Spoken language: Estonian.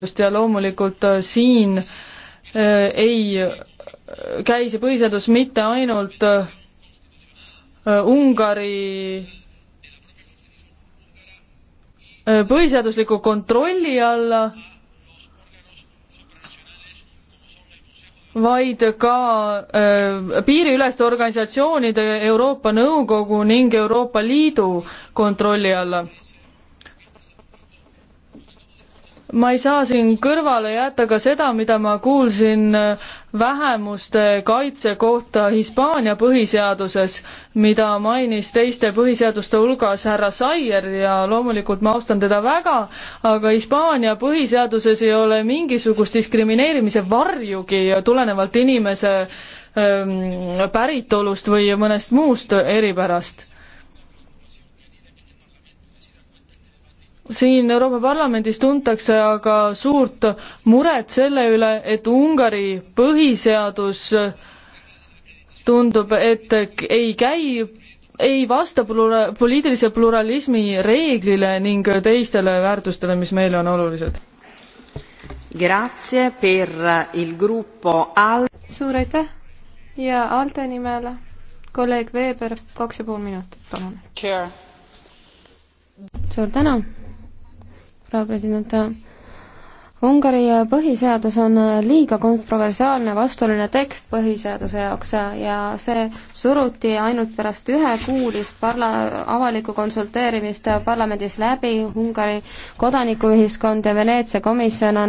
just ja loomulikult äh, siin äh, ei äh, käi see põhiseadus mitte ainult Ungari põhiseadusliku kontrolli alla, vaid ka piiriüleste organisatsioonide Euroopa Nõukogu ning Euroopa Liidu kontrolli alla ma ei saa siin kõrvale jätta ka seda, mida ma kuulsin äh, vähemuste kaitse kohta Hispaania põhiseaduses, mida mainis teiste põhiseaduste hulgas härra Saier ja loomulikult ma austan teda väga, aga Hispaania põhiseaduses ei ole mingisugust diskrimineerimise varjugi tulenevalt inimese öö, ähm, päritolust või mõnest muust eripärast siin Euroopa Parlamendis tuntakse aga suurt muret selle üle, et Ungari põhiseadus tundub, et ei käi, ei vasta plura-, poliitilise pluralismi reeglile ning teistele väärtustele, mis meile on olulised. suur aitäh ja ALDE nimel kolleeg Veeber, kaks ja pool minutit, palun. suur tänu proua president. Ungari põhiseadus on liiga kontroversiaalne vastuoluline tekst põhiseaduse jaoks ja see suruti ainult pärast ühekuulist parla-, avalikku konsulteerimist parlamendis läbi, Ungari kodanikuühiskond ja Veneetsia komisjon on